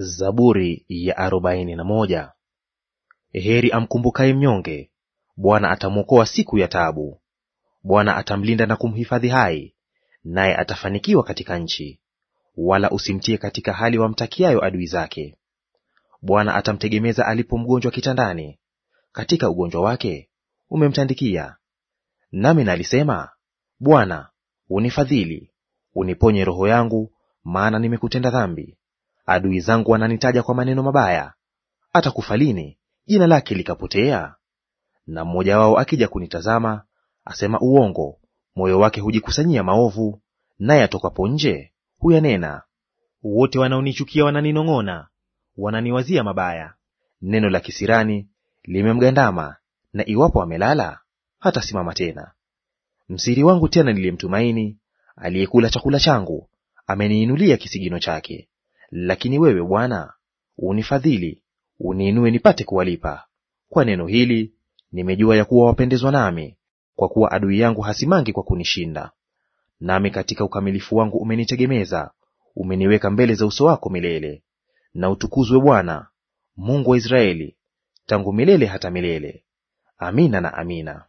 Zaburi ya arobaini na moja. Heri amkumbukaye mnyonge, Bwana atamwokoa siku ya taabu. Bwana atamlinda na kumhifadhi hai, naye atafanikiwa katika nchi. Wala usimtie katika hali wamtakiayo adui zake. Bwana atamtegemeza alipo mgonjwa kitandani, katika ugonjwa wake umemtandikia. Nami nalisema, Bwana unifadhili, uniponye roho yangu, maana nimekutenda dhambi. Adui zangu wananitaja kwa maneno mabaya. Atakufa lini jina lake likapotea? Na mmoja wao akija kunitazama, asema uongo, moyo wake hujikusanyia maovu, naye atokapo nje huyanena. Wote wanaonichukia wananinong'ona, wananiwazia mabaya. Neno la kisirani limemgandama, na iwapo amelala hatasimama tena. Msiri wangu tena niliyemtumaini, aliyekula chakula changu, ameniinulia kisigino chake. Lakini wewe Bwana unifadhili, uniinue nipate kuwalipa. Kwa neno hili nimejua ya kuwa wapendezwa nami, kwa kuwa adui yangu hasimangi kwa kunishinda. Nami katika ukamilifu wangu umenitegemeza, umeniweka mbele za uso wako milele. Na utukuzwe Bwana Mungu wa Israeli tangu milele hata milele. Amina na amina.